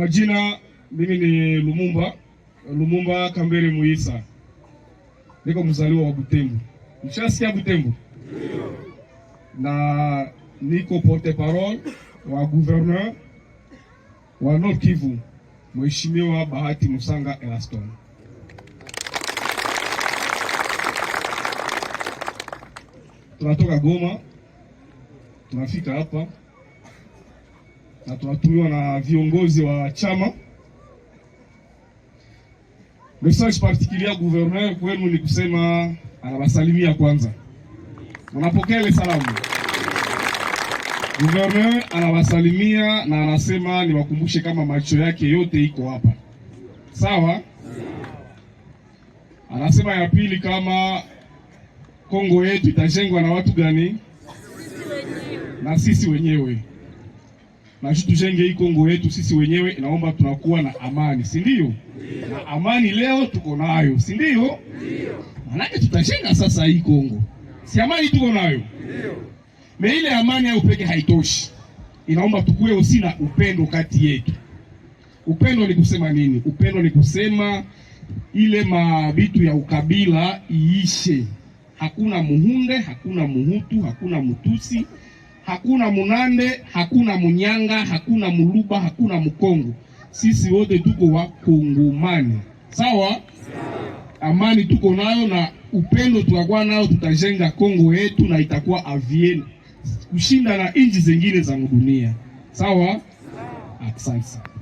Kwa jina mimi ni Lumumba Lumumba Kambere Muisa, niko mzaliwa wa Butembo. Mshasikia Butembo? Na niko porte parole wa gouverneur wa Nord Kivu Mheshimiwa Bahati Musanga Elaston. Tunatoka Goma tunafika hapa na tunatumiwa na viongozi wa chama. Message particulier gouverneur kwenu ni kusema anawasalimia kwanza, unapokea ile salamu Gouverneur anawasalimia na anasema niwakumbushe kama macho yake yote iko hapa, sawa. Anasema ya pili, kama Kongo yetu itajengwa na watu gani? Na sisi wenyewe na sisi tujenge hii Kongo yetu sisi wenyewe, naomba tunakuwa na amani, si ndio? Na amani leo tuko nayo, si ndio? Manake tutajenga sasa hii Kongo, si amani tuko nayo meile ile amani hayo peke haitoshi, inaomba tukuwe usina upendo kati yetu. Upendo ni kusema nini? Upendo ni kusema ile mabitu ya ukabila iishe. Hakuna muhunde, hakuna muhutu, hakuna mutusi hakuna Munande, hakuna Munyanga, hakuna Muluba, hakuna Mkongo. Sisi wote tuko wa Kongomani, sawa. Amani tuko nayo na upendo tutakuwa nayo tutajenga Kongo yetu na itakuwa avien kushinda na nchi zingine za dunia, sawa. Asante.